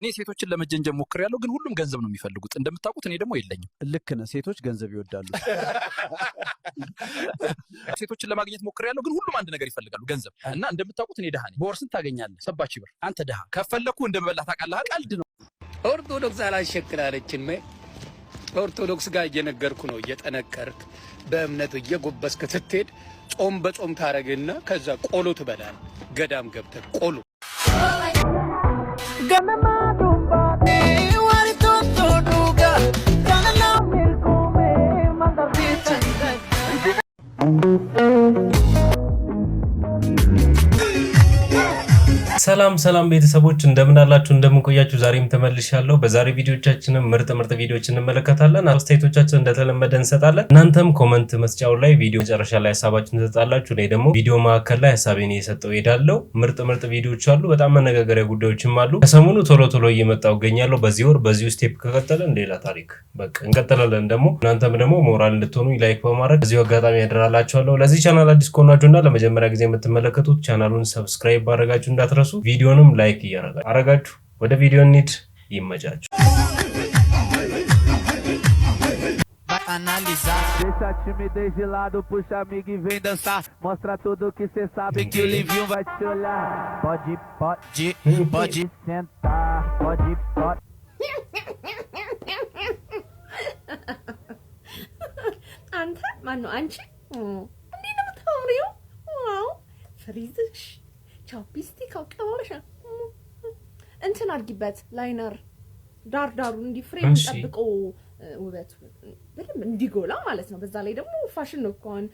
እኔ ሴቶችን ለመጀንጀብ ሞክር ያለው ግን ሁሉም ገንዘብ ነው የሚፈልጉት እንደምታውቁት። እኔ ደግሞ የለኝም። ልክ ነ ሴቶች ገንዘብ ይወዳሉ። ሴቶችን ለማግኘት ሞክር ያለው ግን ሁሉም አንድ ነገር ይፈልጋሉ፣ ገንዘብ እና እንደምታውቁት እኔ ድሃ ነኝ። በወር ስንት ታገኛለህ? ሰባት ብር። አንተ ድሃ ከፈለግኩ እንደመበላ ታውቃለህ። ቀልድ ነው። ኦርቶዶክስ አላሸክላለችን መ ኦርቶዶክስ ጋር እየነገርኩ ነው። እየጠነከርክ በእምነት እየጎበስክ ስትሄድ ጾም በጾም ታደርግና ከዛ ቆሎ ትበላል። ገዳም ገብተ ቆሎ ገመማ Thank you. ሰላም ሰላም ቤተሰቦች እንደምን አላችሁ? እንደምን ቆያችሁ? ዛሬም ተመልሻለሁ። በዛሬ ቪዲዮቻችንም ምርጥ ምርጥ ቪዲዮች እንመለከታለን። አስተያየቶቻችን እንደተለመደ እንሰጣለን። እናንተም ኮመንት መስጫው ላይ ቪዲዮ መጨረሻ ላይ ሀሳባችሁን ትሰጣላችሁ። እኔ ደግሞ ቪዲዮ መካከል ላይ ሀሳቤን እየሰጠው ሄዳለሁ። ምርጥ ምርጥ ቪዲዮዎች አሉ። በጣም መነጋገሪያ ጉዳዮችም አሉ። ከሰሞኑ ቶሎ ቶሎ እየመጣው እገኛለሁ። በዚህ ወር በዚሁ ስቴፕ ከቀጠለን ሌላ ታሪክ በቃ እንቀጥላለን። ደግሞ እናንተም ደግሞ ሞራል እንድትሆኑ ላይክ በማድረግ በዚሁ አጋጣሚ ያደራላችኋለሁ። ለዚህ ቻናል አዲስ ከሆናችሁና ለመጀመሪያ ጊዜ የምትመለከቱት ቻናሉን ሰብስክራይብ ማድረጋችሁ እንዳትረሱ እንዳትረሱ። ቪዲዮንም ላይክ እያረጋችሁ ወደ ቪዲዮ እንሂድ። ይመቻችሁ። analisar. Deixa a timidez de lado, puxa amigo e vem dançar. Mostra tudo que cê sabe que o Livinho vai te olhar. Pode, pode, pode sentar. Pode, pode. አንተ mano, ነው ቃው ቀባበሻ እንትን አድርጊበት ላይነር ዳር ዳሩ እንዲህ ፍሬም ጠብቆ ውበት በደንብ እንዲጎላ ማለት ነው። በዛ ላይ ደግሞ ፋሽን ነው ከሆን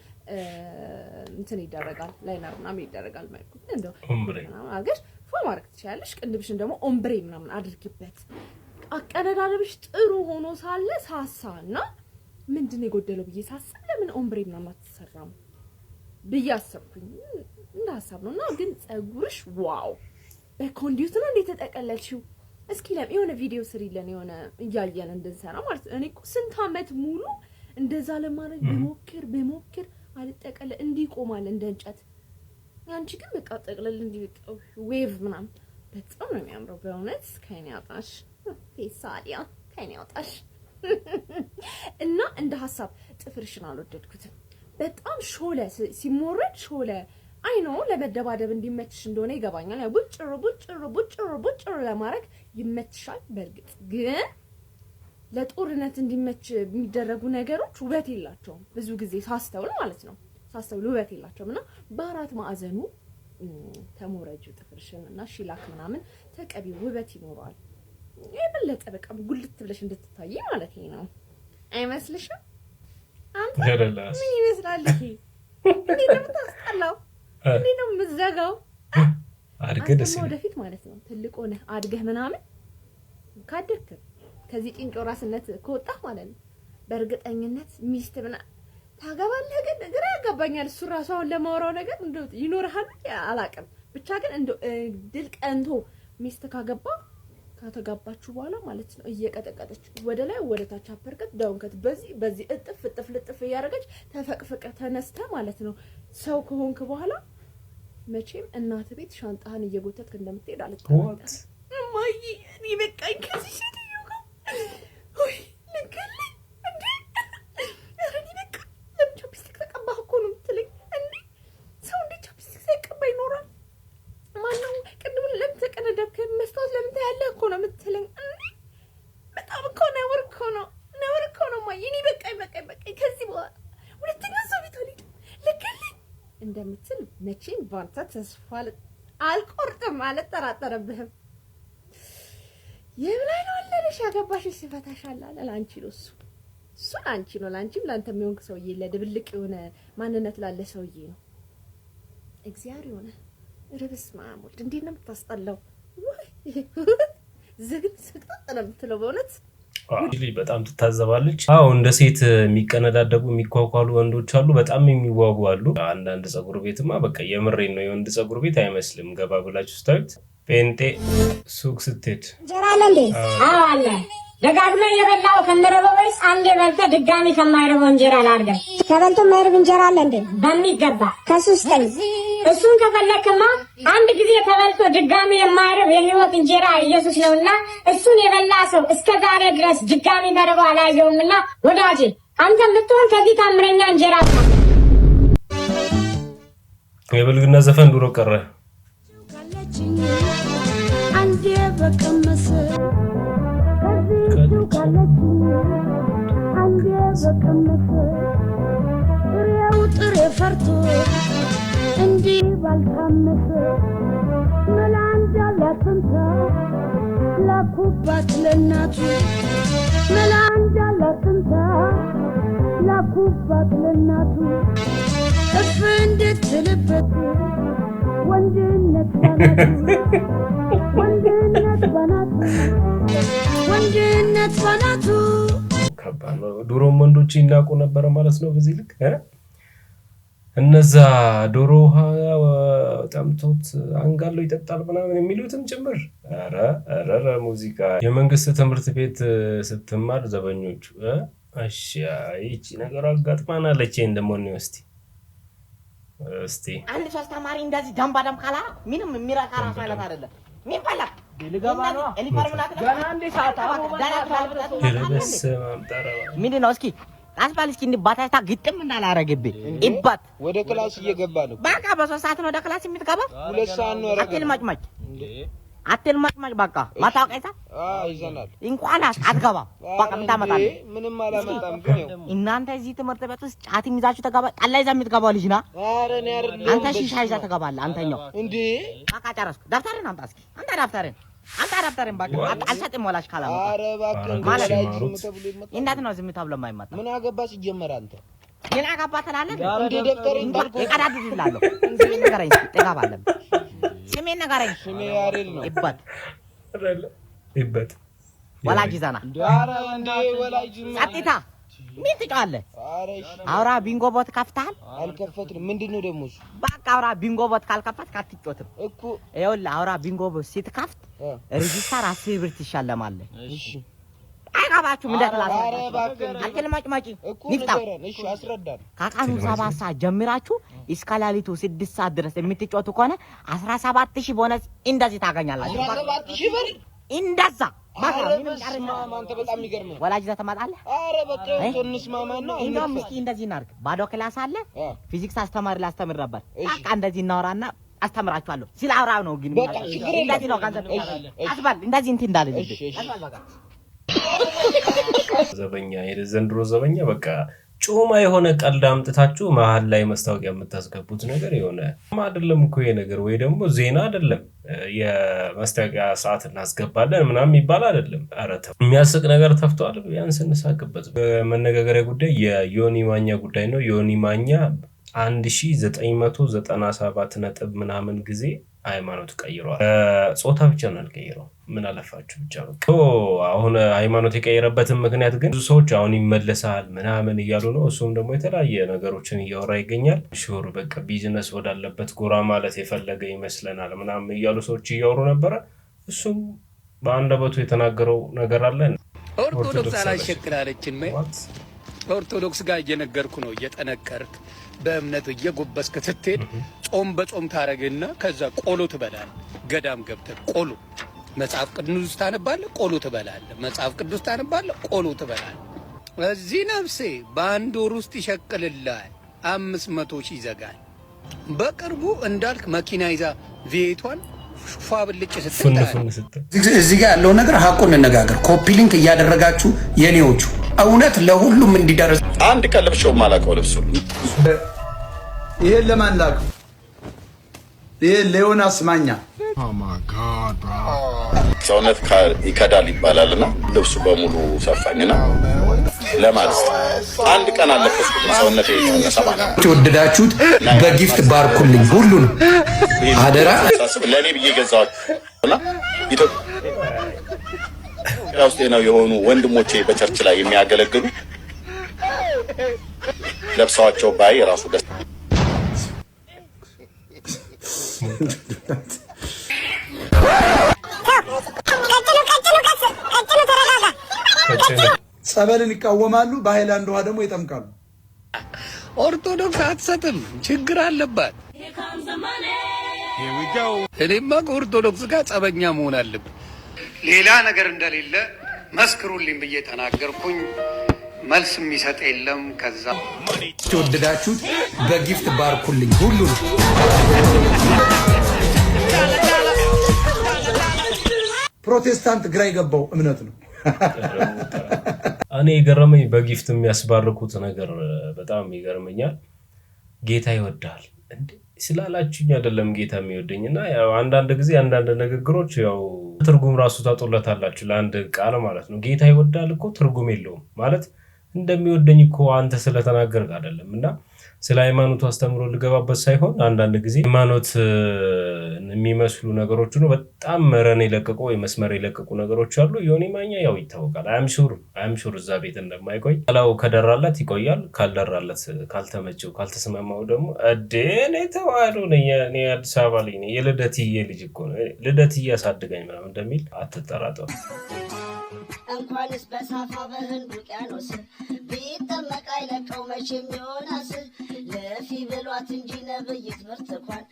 እንትን ይደረጋል ላይነር ምናምን ይደረጋል ማለት ነው። እንደው ፎ ማድረግ ትችላለሽ። ቅንድብሽን ደግሞ ኦምብሬ ምናምን አድርጊበት። አቀነዳደብሽ ጥሩ ሆኖ ሳለ ሳሳ እና ምንድን ነው የጎደለው ብዬ ሳሳ ለምን ኦምብሬ ምናምን አትሰራም ብዬ አሰብኩኝ። እንደ ሀሳብ ነው እና ግን ጸጉርሽ ዋው በኮንዲውት ነው እንዴት ተጠቀለልሽው? እስኪ ለም የሆነ ቪዲዮ ስሪለን የሆነ እያየን እንድንሰራ ማለት ነው። እኔ ስንት ዓመት ሙሉ እንደዛ ለማድረግ በሞክር በሞክር አልጠቀለ እንዲህ ይቆማል እንደ እንጨት። አንቺ ግን በቃ ጠቅለል እንዲህ ዌቭ ምናምን በጣም ነው የሚያምረው በእውነት ከኔ አውጣሽ ፌሳሊያ ከኔ አውጣሽ። እና እንደ ሀሳብ ጥፍርሽን አልወደድኩትም። በጣም ሾለ ሲሞረድ ሾለ አይ ኖ ለመደባደብ እንዲመችሽ እንደሆነ ይገባኛል። ያው ቡጭሩ ቡጭሩ ቡጭሩ ቡጭሩ ለማድረግ ይመችሻል። በእርግጥ ግን ለጦርነት እንዲመች የሚደረጉ ነገሮች ውበት የላቸውም። ብዙ ጊዜ ሳስተውል ማለት ነው፣ ሳስተውል ውበት የላቸውም እና በአራት ማዕዘኑ ተሞረጁ ጥፍርሽን እና ሺላክ ምናምን ተቀቢ፣ ውበት ይኖረዋል። የበለጠ በቃ ጉልት ብለሽ እንድትታይ ማለት ነው። አይመስልሽም? አንተ ምን ይመስላል? ይሄ እንዴት ነው የምታስጠላው? እንዴት ነው የምትዘጋው? አድገህ ደስ ወደፊት ማለት ነው ትልቅ ሆነህ አድገህ ምናምን ካደግክ ከዚህ ጭንጮ ራስነት ከወጣህ ማለት ነው በእርግጠኝነት ሚስት ምናምን ታገባለህ። ግን ግራ ያጋባኛል እሱ ራሱ አሁን ለማውራው ነገር እንደው ይኖርሃል አላውቅም። ብቻ ግን እንደ ድል ቀንቶ ሚስት ካገባ ከተጋባችሁ በኋላ ማለት ነው እየቀጠቀጠች ወደ ላይ ወደ ታች አፐርከት ዳውንከት በዚህ በዚህ እጥፍ እጥፍ ልጥፍ እያደረገች ተፈቅፍቀ ተነስተ ማለት ነው ሰው ከሆንክ በኋላ መቼም እናት ቤት ሻንጣህን እየጎተትክ እንደምትሄድ አልጠራጠርም። እማዬ እኔ በቃ በአንተ ተስፋ አልቆርጥም፣ አልጠራጠረብህም። የብላይ ነው ወለደሽ ያገባሽ ሲፈታሻል አለ። ለአንቺ ነው እሱ እሱ ለአንቺ ነው፣ ለአንቺም ለአንተ የሚሆን ሰውዬ፣ ለድብልቅ የሆነ ማንነት ላለ ሰውዬ ነው። እግዚአብሔር የሆነ ርብስ ማሙል እንዴት ነው የምታስጠላው! ዝግ ዝግ ነው የምትለው በእውነት በጣም ትታዘባለች። አዎ እንደ ሴት የሚቀነዳደቡ የሚኳኳሉ ወንዶች አሉ፣ በጣም የሚዋጉ አሉ። አንዳንድ ፀጉር ቤትማ በቃ የምሬን ነው የወንድ ፀጉር ቤት አይመስልም። ገባ ብላችሁ ስታዩት ጴንጤ ሱቅ ስትሄድ ደጋግመ የበላው ከምረበ ወይስ አንድ የበልተ ድጋሚ ከማይረበው እንጀራ ላርገ ከበልቶ ማይረብ እንጀራ አለ እንዴ? በሚገባ ከሱስ እሱን ከፈለክማ አንድ ጊዜ ተበልቶ ድጋሚ የማይረብ የህይወት እንጀራ ኢየሱስ ነውና እሱን የበላ ሰው እስከ ዛሬ ድረስ ድጋሚ ተርቦ አላየውምና ወዳጄ አንተ ምትሆን ከዚህ ታምረኛ እንጀራ የብልግና ዘፈን ድሮ ቀረ። ጥሬ ፈርቶ እንዲህ ባልታመሰ መላ እንዳላትምታ ላኩባት ለናቱ መላ እንዳላትምታ ላኩባት ለእናቱ እፍ እንድትልበት ወንድነት ባናቱ ወንድነት ባናቱ ወንድነት ባናቱ ከባድ ነው። ድሮም ወንዶች ይናቁ ነበረ ማለት ነው በዚህ ልክ እነዛ ዶሮ ውሃ ጠምቶት አንጋሎ ይጠጣል ምናምን የሚሉትም ጭምር ረረ ሙዚቃ የመንግስት ትምህርት ቤት ስትማር ዘበኞቹ እሺ ይቺ ነገር አጋጥማና ለቼ ደግሞ ስቲ እስቲ አንድ ሶስት ተማሪ እንደዚህ ደንባ ደም ካላ ምንም የሚረካ ራሱ አይነት አይደለም። ምን በላ ሊገባ ነው። አስፋል እስኪ ባታታ ግጥም እንዳላረግብኝ ይባት ወደ ክላስ እየገባ ነው። በቃ በሶስት ሰዓት ነው ወደ ክላስ የምትገባ። ሁለት ሰዓት ነው። አትል ማጭማጭ አትል ማጭማጭ። በቃ ማታወቂያ ይዛ ይዘናል። እንኳን አትገባ። በቃ ምን ታመጣለህ? ምንም አላመጣም። ግን ያው እናንተ እዚህ ትምህርት ቤት ውስጥ ጫት ይዛችሁ ተገባ። ጠላ ይዛ የምትገባው ልጅ ና። ኧረ እኔ አይደለም። አንተ ሺሻ ይዛ ተገባለህ። አንተኛው እንዴ! በቃ ጨረስኩ። ደብተርን አምጣ እስኪ አንተ ደብተርን አንተ አዳብታር እባክህ አልሰጥም። ወላሽ ካላ ኧረ እባክህ ማለት እንዴት ነው ዝም ተብሎ የማይመጣ? ምን አገባህ ሲጀመር አንተ ምን አገባህ ትላለህ እንዴ? ደብተር እንዳልቀዳድድ እላለሁ። ስሜን ንገረኝ። ጥጋብ አለ ስሜን ንገረኝ። ስሜ ያሬድ ነው። ይበት ይበት ወላጅ ይዘና ጸጥታ ምን ትጫዋለህ? አውራ ቢንጎ ቦት ከፍተሃል? አልከፈትንም። ምንድን ነው ደግሞ እሱ? በቃ አውራ ቢንጎ ቦት ካልከፈትክ አትጮትም እኮ። ይኸውልህ አውራ ቢንጎ ቦት ስትከፍት አስር ብር እሺ ከቀኑ ሰባት ሰዓት ጀምራችሁ እስከ ሌሊቱ ስድስት ሰዓት ድረስ የምትጮቱ ከሆነ አስራ ሰባት ሺህ ቦነስ እንደዚህ ታገኛላችሁ። እንደዛ ወላጅ ይዘህ ትመጣለህ። ኧረ በቃ እንስማማና እንደውም እስኪ እንደዚህ እናድርግ። ባዶ ክላስ አለ። ፊዚክስ አስተማሪ ላስተምር ነበር። በቃ እንደዚህ እናወራና አስተምራችኋለሁ ሲል አውራው ነው። ግን እንደዚህ ነው ገንዘብ አስባል እንደዚህ እንትን እንዳለ ዘበኛ የዘንድሮ ዘበኛ በቃ ጮማ የሆነ ቀልድ አምጥታችሁ መሀል ላይ መስታወቂያ የምታስገቡት ነገር የሆነ አይደለም እኮ ነገር፣ ወይ ደግሞ ዜና አይደለም። የመስታወቂያ ሰዓት እናስገባለን ምናምን የሚባል አይደለም። ኧረ ተው፣ የሚያስቅ ነገር ተፍተዋል። ቢያንስ እንሳቅበት። በመነጋገሪያ ጉዳይ የዮኒ ማኛ ጉዳይ ነው። ዮኒ ማኛ 1997 ነጥብ ምናምን ጊዜ ሃይማኖት ቀይረዋል። ጾታ ብቻ ነው ያልቀይረው ምን አለፋችሁ ብቻ በቃ አሁን ሃይማኖት የቀየረበትን ምክንያት ግን ብዙ ሰዎች አሁን ይመለሳል ምናምን እያሉ ነው። እሱም ደግሞ የተለያየ ነገሮችን እያወራ ይገኛል። ሹር በቃ ቢዝነስ ወዳለበት ጎራ ማለት የፈለገ ይመስለናል ምናምን እያሉ ሰዎች እያወሩ ነበረ። እሱም በአንደበቱ የተናገረው ነገር አለ። ኦርቶዶክስ አላሸክላለችን ኦርቶዶክስ ጋር እየነገርኩ ነው። እየጠነከርክ በእምነት እየጎበስክ ስትሄድ ጾም በጾም ታደርግና ከዛ ቆሎ ትበላል። ገዳም ገብተህ ቆሎ መጽሐፍ ቅዱስ ታነባለ፣ ቆሎ ትበላለ። መጽሐፍ ቅዱስ ታነባለ፣ ቆሎ ትበላለ። እዚህ ነፍሴ በአንድ ወር ውስጥ ይሸቅልልሃል፣ አምስት መቶ ሺህ ይዘጋል። በቅርቡ እንዳልክ መኪና ይዛ ቪቷን ፏ ብልጭ ስትል እዚህ ጋር ያለው ነገር ሀቁን እንነጋገር። ኮፒ ሊንክ እያደረጋችሁ የኔዎቹ እውነት ለሁሉም እንዲደረስ አንድ ቀን ልብሼው የማላውቀው ልብሱ ይሄን ለማን ላከው? ይህ ሌዮናስ ማኛ oh ሰውነት ይከዳል ይባላል እና ልብሱ በሙሉ ሰፋኝና ለማለት አንድ ቀን አለበት ሰውነት ሰማ ወደዳችሁት በጊፍት ባርኩልኝ። ሁሉ ሁሉን አደራ ለእኔ ብዬ ገዛዋና ኢትዮጵያ ውስጥ ነው የሆኑ ወንድሞቼ በቸርች ላይ የሚያገለግሉ ለብሰዋቸው ባይ ራሱ ደስ ጸበልን ይቃወማሉ። በሃይላንድ ውሃ ደግሞ ይጠምቃሉ። ኦርቶዶክስ አትሰጥም፣ ችግር አለባት። እኔማ ከኦርቶዶክስ ጋር ጸበኛ መሆን አለብን። ሌላ ነገር እንደሌለ መስክሩልኝ ብዬ ተናገርኩኝ። መልስ የሚሰጥ የለም። ከዛ የወደዳችሁት በጊፍት ባርኩልኝ ሁሉ ፕሮቴስታንት ግራ የገባው እምነት ነው። እኔ የገረመኝ በጊፍት የሚያስባርኩት ነገር በጣም ይገርመኛል። ጌታ ይወዳል ስላላችሁኝ አይደለም ጌታ የሚወደኝ እና አንዳንድ ጊዜ አንዳንድ ንግግሮች ያው ትርጉም ራሱ ታጦለታላችሁ ለአንድ ቃል ማለት ነው። ጌታ ይወዳል እኮ ትርጉም የለውም ማለት እንደሚወደኝ እኮ አንተ ስለተናገርክ አይደለም እና ስለ ሃይማኖቱ አስተምሮ ልገባበት ሳይሆን አንዳንድ ጊዜ ሃይማኖት የሚመስሉ ነገሮች ነው። በጣም መረን የለቀቁ ወይ መስመር የለቀቁ ነገሮች አሉ። ዮኒ ማኛ ያው ይታወቃል። አምሹር አምሹር እዛ ቤት እንደማይቆይ ላው ከደራለት ይቆያል፣ ካልደራለት፣ ካልተመቸው፣ ካልተስማማው ደግሞ እዴ እኔ ተዋህዶ ነኝ አዲስ አበባ ልጅ የልደትዬ ልጅ እኮ ልደትዬ አሳድገኝ ምናምን እንደሚል አትጠራጠሩ። እንኳንስ በሳፋ በህንድ ውቅያኖስ ቢጠመቅ አይለቀው መቼም ዮናስ ለፊ ብሏት እንጂ ነብይ ትምህርት እንኳን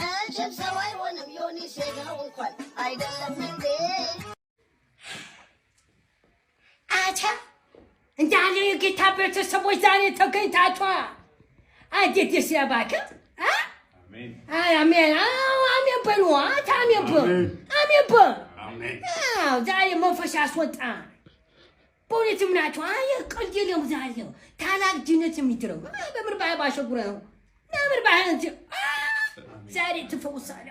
መቼም ሰው አይሆንም ዮኒ ሴጋው እንኳን አይደለም እንዴ አቻ እንዳለ የጌታ ቤተሰቦች ዛሬ ተገኝታችኋ እንዴት ደስ ያባክም አሜን አሜን አሜን በሉ አሜን በ አሜን በ ዛሬ መንፈስ አስወጣ። በእውነትም ናቸው። አየ ቀልድ የለም። ዛሬ ታላቅ ድነት የሚትረው በምር ባህል ባሸጉረ ነው በምር ባህል ዛሬ ትፈውሳል።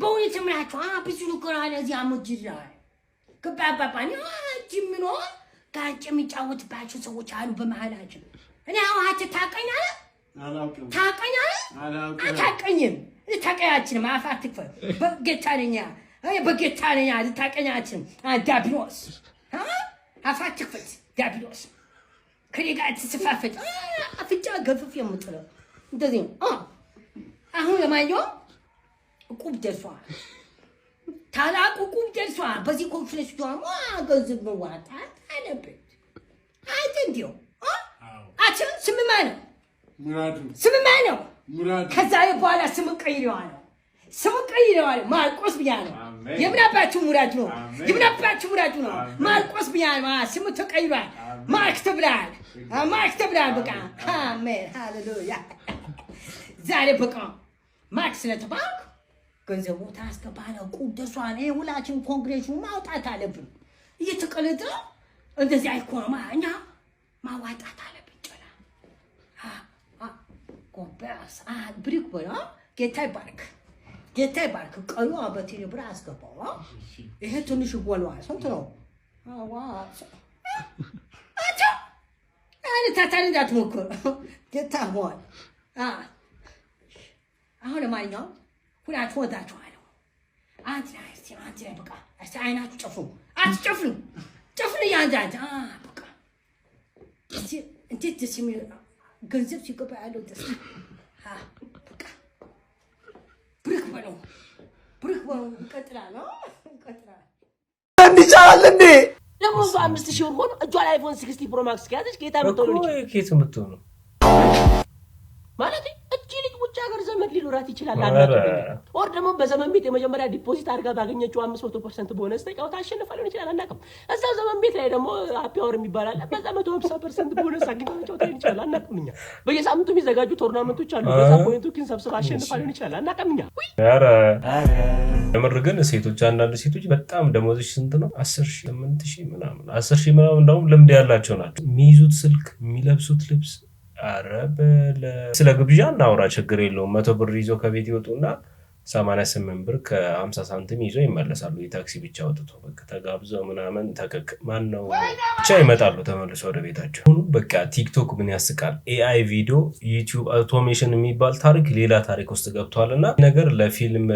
በእውነትም ናቸው። ብዙ ነገር አለ እዚያ ሙጅላ ከባባባን ጅምኖ ጋጭ የሚጫወትባቸው ሰዎች አሉ በመሀላችን። እኔ አሁን ታቀኛለ ታቀኛለ አታቀኝም ልታቀያችን አፍ ትክፈ በጌታ ነኛ በጌታ ነኛ ልታቀኛችን ዳቢሎስ አፍ አትክፈል። ዳቢሎስ ከኔ ጋር ትስፋፈጭ አፍጫ ገፍፍ የምጥለው እንደዚህ ነው። አሁን ለማንኛውም ቁብ ደርሷል። ታላቁ ቁብ ደርሷል። በዚህ ኮንፍረንስ ደግሞ ገንዘብ መዋጣት አለበት። አንተ እንዲው አችን ስምማ ነው ስምማ ነው ከዛ በኋላ ስም ቀይሬዋለሁ። ስም ቀይሬዋለሁ። ማርቆስ ብያለሁ። የምናባችሁ ሙራድ ነው። የምናባችሁ ሙራድ ነው። ማርቆስ ብያለሁ። ስም ተቀይሯል። ማርክ ተብሏል። ማርክ ተብሏል። በቃ አሜን፣ ሃሌሉያ። ዛሬ በቃ ማርክ ስለተባልኩ ገንዘቡ ታስገባለ ቁደሷን ሁላችን ኮንግሬሽኑ ማውጣት አለብን። እየተቀለደ እንደዚህ አይኮማ እኛ ማዋጣት አለ ጎንበስ ብሪክ በላ ጌታ ይባርክ፣ ጌታ ይባርክ። ቀኑ አበቴን ብር አስገባው። ይሄ ትንሽ ይጎለዋል። ስንት ነው? ታታን እንዳትሞክር ጌታ ሆን። አሁን ለማንኛውም ሁላችሁ ወዳችኋለሁ። አንድ ላይ እስቲ አንድ ላይ በቃ እስቲ አይናችሁ ጨፍኑ፣ አትጨፍኑ፣ ጨፍኑ እያንዳንድ በቃ እንዴት ደስ የሚል ገንዘብ ሲገባ ያለው ደስታ በቃ ብርክ በለው ብርክ በለው። ይቀጥላል ይቀጥላል። እንዲህ ይቻላል እንዴ? ደግሞ አምስት ሺህ ብር ሆኖ እጇ ላይ አይፎን ሲክስቲ ፕሮማክስ ከያዘች ጌታ የምትሆኑ ማለት ሊኖራት ይችላል አላቸው። ኦር ደግሞ በዘመን ቤት የመጀመሪያ ዲፖዚት አድርጋ ባገኘችው አምስት መቶ ፐርሰንት በሆነ ስጠቃው ታሸንፋ ሊሆን ይችላል አናውቅም። እዛው ዘመን ቤት ላይ ደግሞ ሀፒ አወር የሚባል አለ። በዛ መቶ ሀምሳ ፐርሰንት በሆነ አግኝታቸው ሊሆን ይችላል አናውቅም። እኛ በየሳምንቱ የሚዘጋጁ ቶርናመንቶች አሉ። በዛ ፖይንቱ ኪን ሰብስባ አሸንፋ ሊሆን ይችላል አናውቅም። እኛ የምር ግን ሴቶች አንዳንድ ሴቶች በጣም ደሞዝሽ ስንት ነው? አስር ሺህ ስምንት ሺህ ምናምን አስር ሺህ ምናምን እንደውም ልምድ ያላቸው ናቸው የሚይዙት ስልክ የሚለብሱት ልብስ ኧረ ስለ ግብዣ እናውራ፣ ችግር የለውም። መቶ ብር ይዞ ከቤት ይወጡና ሰማንያ ስምንት ብር ከሀምሳ ሳንቲም ይዞ ይመለሳሉ። የታክሲ ብቻ ወጥቶ በቃ ተጋብዘው ምናምን ተቀቅ ማን ነው ብቻ ይመጣሉ ተመልሶ ወደ ቤታቸው። ሁኑ በቃ ቲክቶክ ምን ያስቃል። ኤአይ ቪዲዮ፣ ዩቲዩብ አውቶሜሽን የሚባል ታሪክ ሌላ ታሪክ ውስጥ ገብቷል እና ነገር ለፊልም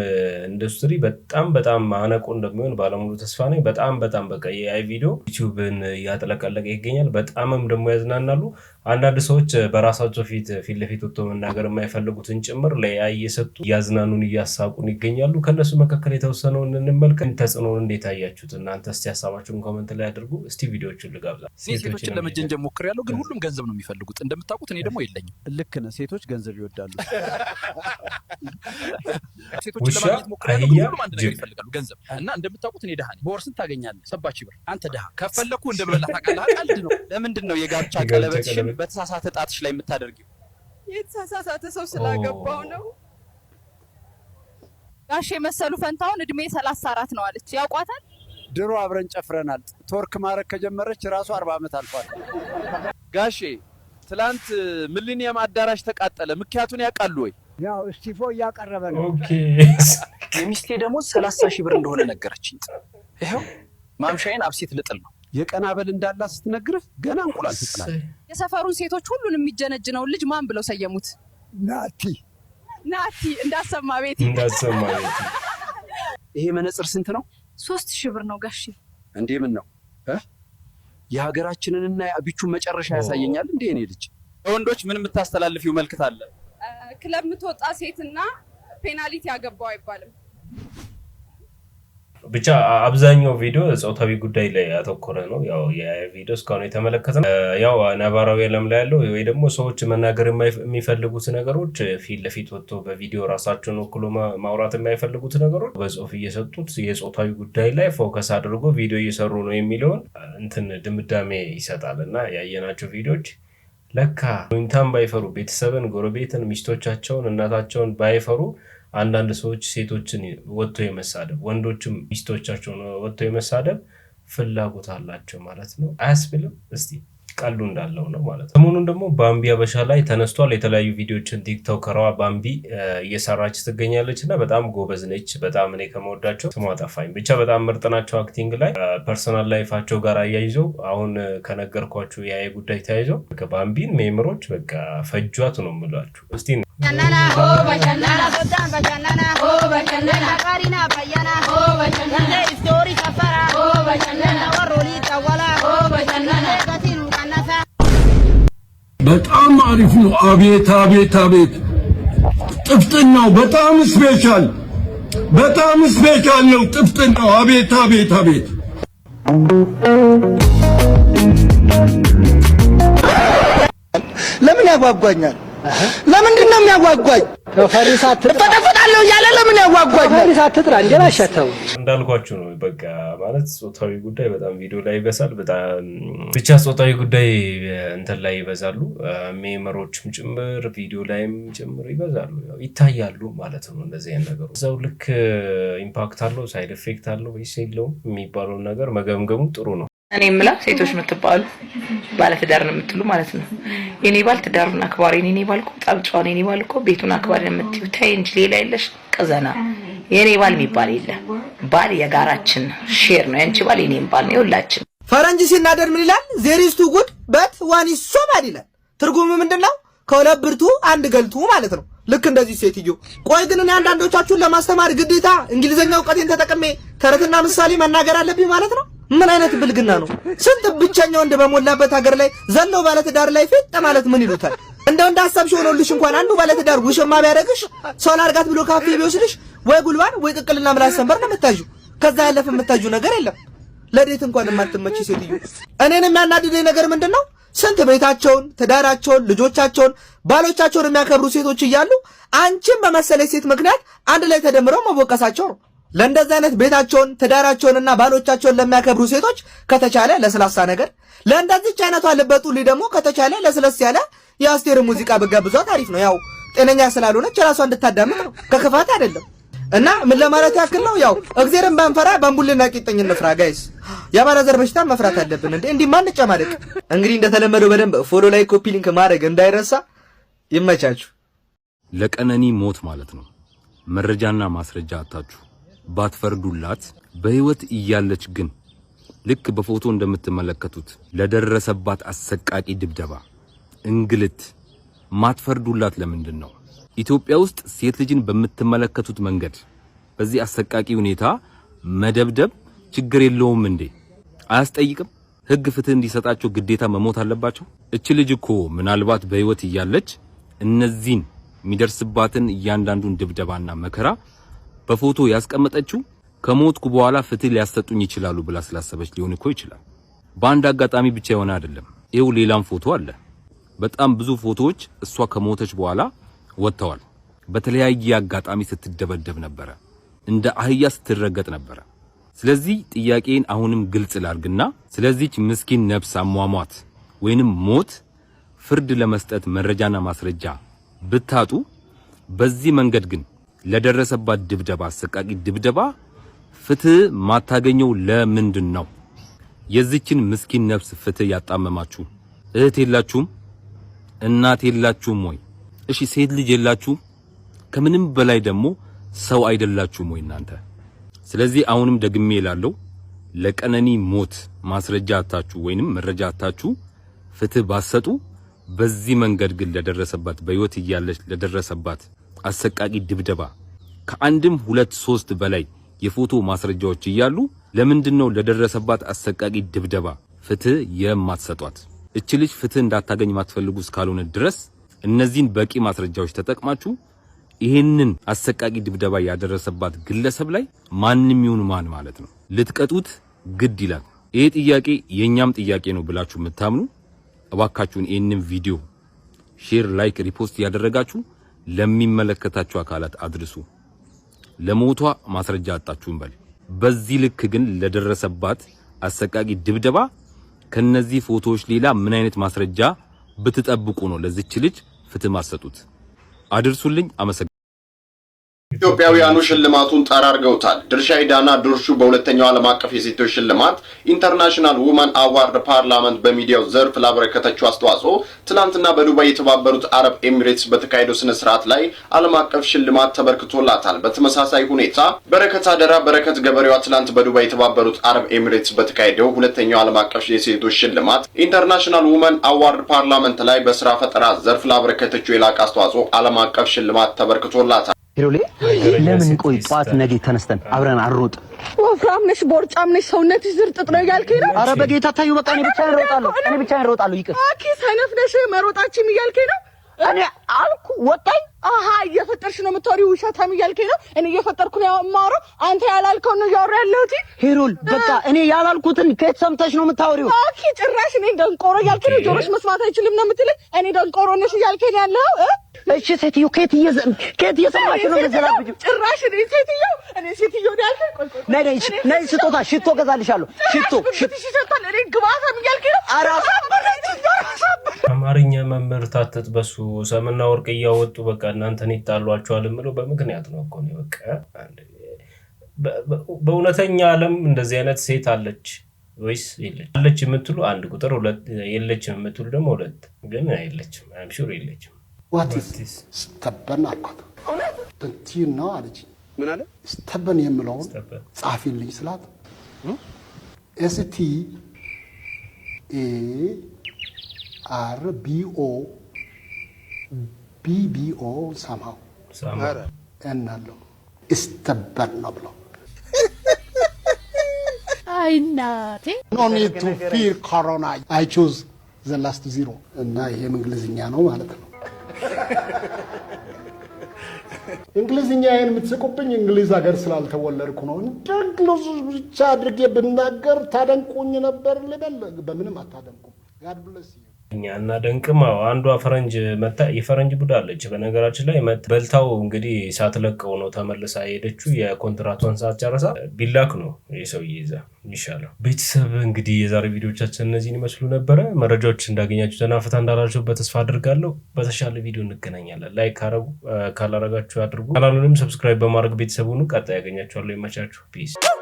ኢንዱስትሪ በጣም በጣም ማነቆ እንደሚሆን ባለሙሉ ተስፋ ነኝ። በጣም በጣም በቃ ኤአይ ቪዲዮ ዩቲዩብን እያጥለቀለቀ ይገኛል። በጣምም ደግሞ ያዝናናሉ። አንዳንድ ሰዎች በራሳቸው ፊት ፊት ለፊት ወጥቶ መናገር የማይፈልጉትን ጭምር ለያ እየሰጡ እያዝናኑን እያሳቁን ይገኛሉ። ከእነሱ መካከል የተወሰነውን እንመልከት። ተጽዕኖን እንዴት አያችሁት እናንተ? እስቲ ሀሳባችሁን ኮመንት ላይ አድርጉ። እስቲ ቪዲዮዎችን ልጋብዛ። ሴቶችን ለመጀንጀብ ያለው ግን ሁሉም ገንዘብ ነው የሚፈልጉት እንደምታውቁት። እኔ ደግሞ የለኝም። ልክ ነህ። ሴቶች ገንዘብ ይወዳሉ። ሴቶችን ለማግኘት ሞክሬያለሁ፣ ይፈልጋሉ፣ ገንዘብ እና እንደምታውቁት እኔ ድሃ ነኝ። በወር ስንት ታገኛለህ? ሰባች ብር። አንተ ድሃ ከፈለግኩ እንደምበላ ታውቃለህ። ቀልድ ነው። ለምንድን ነው የጋብቻ ቀለበት በተሳሳተ ጣትሽ ላይ የምታደርጊው? የተሳሳተ ሰው ስላገባው ነው። ጋሽ የመሰሉ ፈንታውን እድሜ ሰላሳ አራት ነው አለች። ያውቋታል? ድሮ አብረን ጨፍረናል። ቶርክ ማድረግ ከጀመረች ራሱ አርባ ዓመት አልፏል። ጋሼ ትላንት ሚሊኒየም አዳራሽ ተቃጠለ። ምክንያቱን ያውቃሉ ወይ? ያው እስቲፎ እያቀረበ ነው። የሚስቴ ደግሞ ሰላሳ ሺህ ብር እንደሆነ ነገረችኝ። ይኸው ማምሻዬን አብሲት ልጥል ነው የቀና በል እንዳላ ስትነግርህ ገና እንቁላል ትጥላለህ። የሰፈሩን ሴቶች ሁሉን የሚጀነጅነውን ልጅ ማን ብለው ሰየሙት? ናቲ ናቲ። እንዳሰማ ቤት እንዳሰማ ቤት። ይሄ መነጽር ስንት ነው? ሶስት ሺህ ብር ነው ጋሺ እንዴ ምን ነው የሀገራችንንና የአቢቹን መጨረሻ ያሳየኛል። እንዴ እኔ ልጅ ለወንዶች ምን የምታስተላልፊው መልክት አለ? ክለብ ምትወጣ ሴትና ፔናሊቲ ያገባው አይባልም። ብቻ አብዛኛው ቪዲዮ ጾታዊ ጉዳይ ላይ ያተኮረ ነው። ያው የቪዲዮ እስካሁን የተመለከተ ያው ነባራዊ ዓለም ላይ ያለው ወይ ደግሞ ሰዎች መናገር የሚፈልጉት ነገሮች ፊት ለፊት ወጥቶ በቪዲዮ ራሳቸውን ወክሎ ማውራት የማይፈልጉት ነገሮች በጽሁፍ እየሰጡት የጾታዊ ጉዳይ ላይ ፎከስ አድርጎ ቪዲዮ እየሰሩ ነው የሚለውን እንትን ድምዳሜ ይሰጣል እና ያየናቸው ቪዲዮዎች ለካ ኖኝታን ባይፈሩ ቤተሰብን፣ ጎረቤትን፣ ሚስቶቻቸውን፣ እናታቸውን ባይፈሩ አንዳንድ ሰዎች ሴቶችን ወጥቶ የመሳደብ ወንዶችም ሚስቶቻቸውን ወጥቶ የመሳደብ ፍላጎት አላቸው ማለት ነው። አያስብልም እስቲ ቀሉ እንዳለው ነው ማለት ነው። ሰሞኑን ደግሞ ባምቢ አበሻ ላይ ተነስቷል። የተለያዩ ቪዲዮችን ቲክቶከሯ ባምቢ እየሰራች ትገኛለች እና በጣም ጎበዝ ነች። በጣም እኔ ከመወዳቸው ስሟ ጠፋኝ፣ ብቻ በጣም ምርጥ ናቸው። አክቲንግ ላይ ፐርሰናል ላይፋቸው ጋር አያይዘው አሁን ከነገርኳችሁ የአይ ጉዳይ ተያይዘው ባምቢን ሜምሮች በቃ ፈጇት ነው የምላችሁ እስቲ ሪ በጣም አሪፍ ነው። አቤት አቤት አቤት ጥፍጥናው በጣም ስፔሻል፣ በጣም ስፔሻል ነው ጥፍጥናው። አቤት አቤት አቤት ለምን ያጓጓኛል? ለምንድን ነው የሚያጓጓኝ? እፈጠፈጣለሁ እያለ ለምን ያዋጓል? ፈሪሳ ትጥራ አሸተው እንዳልኳችሁ ነው። በቃ ማለት ጾታዊ ጉዳይ በጣም ቪዲዮ ላይ ይበሳል። በጣም ብቻ ጾታዊ ጉዳይ እንትን ላይ ይበዛሉ። ሜመሮችም ጭምር ቪዲዮ ላይም ጭምር ይበዛሉ፣ ይታያሉ ማለት ነው። እንደዚህ አይነት ነገሮች እዛው ልክ ኢምፓክት አለው ሳይድ ኢፌክት አለው ወይስ የለውም የሚባለውን ነገር መገምገሙ ጥሩ ነው። እኔ የምለው ሴቶች የምትባሉ ባለትዳር ነው የምትሉ ማለት ነው። የኔ ባል ትዳሩን አክባሪ ነው፣ የኔ ባል እኮ በጣም ነው፣ የኔ ባል እኮ ቤቱን አክባሪ ነው የምትዩ ተይ እንጂ ሌላ የለሽ ቀዘና። የኔ ባል የሚባል የለ። ባል የጋራችን ሼር ነው። ያንቺ ባል የኔም ባል ነው፣ የሁላችን። ፈረንጅ ሲናደር ምን ይላል? ዜሪስቱ ጉድ በት ዋን ኢዝ ሶ ባድ ይላል። ትርጉሙ ምንድነው? ከሁለት ብርቱ አንድ ገልቱ ማለት ነው። ልክ እንደዚህ ሴትዮ። ቆይ ግን እኔ አንዳንዶቻችሁን ለማስተማር ግዴታ እንግሊዘኛ እውቀቴን ተጠቅሜ ተረትና ምሳሌ መናገር አለብኝ ማለት ነው? ምን አይነት ብልግና ነው? ስንት ብቸኛው እንደ በሞላበት ሀገር ላይ ዘሎ ባለትዳር ላይ ፌጥ ማለት ምን ይሉታል? እንደው እንደ ሀሳብሽ ሆኖልሽ እንኳን አንዱ ባለትዳር ውሽማ ቢያደርግሽ ሰው ላድርጋት ብሎ ካፌ ቢወስድሽ ወይ ጉልባን ወይ ቅቅልና ምላስ ሰንበር ነው የምታዥው። ከዛ ያለፈ የምታዥው ነገር የለም። ለዴት እንኳን የማትመች ሴትዮ። እኔን የሚያናድደኝ ነገር ምንድን ነው? ስንት ቤታቸውን፣ ትዳራቸውን፣ ልጆቻቸውን፣ ባሎቻቸውን የሚያከብሩ ሴቶች እያሉ አንቺን በመሰለች ሴት ምክንያት አንድ ላይ ተደምረው መወቀሳቸው ነው። ለእንደዚህ አይነት ቤታቸውን ትዳራቸውንና ባሎቻቸውን ለሚያከብሩ ሴቶች ከተቻለ ለስላሳ ነገር፣ ለእንደዚች አይነቷ ልበጡሊ ደግሞ ከተቻለ ለስለስ ያለ የአስቴር ሙዚቃ በጋብዟት አሪፍ ነው። ያው ጤነኛ ስላልሆነች ራሷ እንድታዳምጥ ነው፣ ከክፋት አይደለም። እና ምን ለማለት ያክል ነው ያው እግዜርን ባንፈራ ባንቡልና ቂጥኝ እንፍራ። ጋይስ የባላዘር በሽታ መፍራት አለብን እንዴ! እንዲህ ማንጨማደቅ። እንግዲህ እንደተለመደው በደንብ ፎሎ ላይ ኮፒ ሊንክ ማድረግ እንዳይረሳ። ይመቻችሁ። ለቀነኒ ሞት ማለት ነው መረጃና ማስረጃ አታችሁ ባትፈርዱላት በህይወት እያለች ግን ልክ በፎቶ እንደምትመለከቱት ለደረሰባት አሰቃቂ ድብደባ፣ እንግልት ማትፈርዱላት ለምንድን ነው? ኢትዮጵያ ውስጥ ሴት ልጅን በምትመለከቱት መንገድ በዚህ አሰቃቂ ሁኔታ መደብደብ ችግር የለውም እንዴ? አያስጠይቅም? ህግ ፍትህ እንዲሰጣቸው ግዴታ መሞት አለባቸው? እች ልጅ እኮ ምናልባት በህይወት እያለች እነዚህን የሚደርስባትን እያንዳንዱን ድብደባና መከራ በፎቶ ያስቀመጠችው ከሞትኩ በኋላ ፍትህ ሊያሰጡኝ ይችላሉ ብላ ስላሰበች ሊሆን እኮ ይችላል። በአንድ አጋጣሚ ብቻ የሆነ አይደለም። ይኸው ሌላም ፎቶ አለ። በጣም ብዙ ፎቶዎች እሷ ከሞተች በኋላ ወጥተዋል። በተለያየ አጋጣሚ ስትደበደብ ነበረ፣ እንደ አህያ ስትረገጥ ነበረ። ስለዚህ ጥያቄን አሁንም ግልጽ ላርግና ስለዚች ምስኪን ነፍስ አሟሟት ወይንም ሞት ፍርድ ለመስጠት መረጃና ማስረጃ ብታጡ፣ በዚህ መንገድ ግን ለደረሰባት ድብደባ አሰቃቂ ድብደባ ፍትህ ማታገኘው ለምንድን ነው? የዚችን ምስኪን ነፍስ ፍትህ ያጣመማችሁ እህት የላችሁም? እናት የላችሁም ወይ? እሺ ሴት ልጅ የላችሁም? ከምንም በላይ ደግሞ ሰው አይደላችሁም ወይ እናንተ? ስለዚህ አሁንም ደግሜ እላለሁ ለቀነኒ ሞት ማስረጃ አታችሁ ወይንም መረጃ አታችሁ ፍትህ ባሰጡ። በዚህ መንገድ ግን ለደረሰባት በህይወት እያለች ለደረሰባት አሰቃቂ ድብደባ ከአንድም ሁለት ሶስት በላይ የፎቶ ማስረጃዎች እያሉ ለምንድን ነው ለደረሰባት አሰቃቂ ድብደባ ፍትህ የማትሰጧት? እች ልጅ ፍትህ እንዳታገኝ ማትፈልጉ እስካልሆነ ድረስ እነዚህን በቂ ማስረጃዎች ተጠቅማችሁ ይህንን አሰቃቂ ድብደባ ያደረሰባት ግለሰብ ላይ ማንም ይሁን ማን ማለት ነው ልትቀጡት ግድ ይላል። ይሄ ጥያቄ የእኛም ጥያቄ ነው ብላችሁ የምታምኑ እባካችሁን ይህንን ቪዲዮ ሼር፣ ላይክ፣ ሪፖስት ያደረጋችሁ ለሚመለከታቸው አካላት አድርሱ። ለሞቷ ማስረጃ አጣችሁን በል። በዚህ ልክ ግን ለደረሰባት አሰቃቂ ድብደባ ከነዚህ ፎቶዎች ሌላ ምን አይነት ማስረጃ ብትጠብቁ ነው ለዚች ልጅ ፍትህ ማሰጡት? አድርሱልኝ። አመሰግናለሁ። ኢትዮጵያውያኑ ሽልማቱን ጠራርገውታል። ድርሻ ሂዳና ድርሹ በሁለተኛው ዓለም አቀፍ የሴቶች ሽልማት ኢንተርናሽናል ውመን አዋርድ ፓርላመንት በሚዲያው ዘርፍ ላበረከተችው አስተዋጽኦ ትናንትና በዱባይ የተባበሩት አረብ ኤሚሬትስ በተካሄደው ስነ ስርዓት ላይ ዓለም አቀፍ ሽልማት ተበርክቶላታል። በተመሳሳይ ሁኔታ በረከት አደራ በረከት ገበሬዋ ትናንት በዱባይ የተባበሩት አረብ ኤሚሬትስ በተካሄደው ሁለተኛው ዓለም አቀፍ የሴቶች ሽልማት ኢንተርናሽናል ውመን አዋርድ ፓርላመንት ላይ በስራ ፈጠራ ዘርፍ ላበረከተችው የላቀ አስተዋጽኦ ዓለም አቀፍ ሽልማት ተበርክቶላታል። ሄሎሌ ለምን ቆይ፣ ጠዋት ነገ ተነስተን አብረን አሮጥ። ወፍራም ነሽ፣ ቦርጫም ነሽ፣ ሰውነትሽ ዝርጥጥ ነው እያልከኝ ነው? አረ በጌታ ታዩ፣ በቃ እኔ ብቻዬን እሮጣለሁ፣ እኔ ብቻዬን እሮጣለሁ። ይቅር አኪ፣ ሰነፍ ነሽ፣ መሮጣችም እያልከኝ ነው? እኔ አልኩ ወጣኝ። አሀ እየፈጠርሽ ነው የምታወሪው፣ ውሸታም እያልከኝ ነው። እኔ እየፈጠርኩ ነው የማወራው፣ አንተ ያላልከውን ነው እያወራሁ ያለሁት። ሄሮል በቃ እኔ ያላልኩትን ከየት ሰምተሽ ነው የምታወሪው? ኦኬ ጭራሽ እኔ ደንቆሮ እያልከኝ ነው። ጆሮሽ መስማት አይችልም ነው የምትለኝ? እኔ ደንቆሮ ነሽ እያልከኝ ነው ያለው። እሺ ሴትዮ፣ ከየት እየሰማሽ ነው የምትዘላብጂው? ጭራሽ እኔ ሴትዮ፣ እኔ ሴትዮ ነው ያልከኝ። ነይ ነይ ነይ፣ ስጦታ ሽቶ እገዛልሻለሁ። ሽቶ ሽቶ፣ እኔ ግባታም እያልከኝ ነው። ኧረ አማርኛ መምህር ታተት በሱ ሰምና ወርቅ እያወጡ በቃ እናንተን ይጣሏቸዋል የምለው በምክንያት ነው እኮ ነው። በቃ በእውነተኛ ዓለም እንደዚህ አይነት ሴት አለች ወይስ የለች? አለች የምትሉ አንድ ቁጥር፣ ሁለት የለችም የምትሉ ደግሞ ሁለት። ግን የለችም ሹር የለችም። ስተበን አልኳት። ቲን ነው አለች። ምን አለ ስተበን የምለውን ጻፊልኝ ስላት ኤስቲ አር ቢኦ ቢቢኦ ሰማው እናለው እስተበር ነው ብለው አይናቴ ኮሮና አይ ቹዝ ዘ ላስት ዚሮ እና ይሄም እንግሊዝኛ ነው ማለት ነው። እንግሊዝኛ እንግሊዝኛዬን የምትስቁብኝ እንግሊዝ ሀገር ስላልተወለድኩ ነው። እንደ እንግሊዙ ብቻ አድርጌ ብናገር ታደንቁኝ ነበር ልበል። በምንም አታደንቁም። ጋድ ብለስ እኛ እና ደንቅም አንዷ ፈረንጅ መታ የፈረንጅ ቡዳ አለች። በነገራችን ላይ በልታው እንግዲህ ሳትለቀው ነው ተመልሳ የሄደችው። የኮንትራቷን ሰዓት ጨረሳ ቢላክ ነው የሰውዬ ይዛ ይሻለው። ቤተሰብ እንግዲህ የዛሬ ቪዲዮቻችን እነዚህን ይመስሉ ነበረ። መረጃዎች እንዳገኛችሁ ተናፍታ እንዳላቸው በተስፋ አድርጋለሁ። በተሻለ ቪዲዮ እንገናኛለን። ላይክ ካረጉ ካላረጋችሁ አድርጉ። ካላሉንም ሰብስክራይብ በማድረግ ቤተሰቡን ቀጣይ ያገኛችኋለሁ። ይመቻችሁ። ፒስ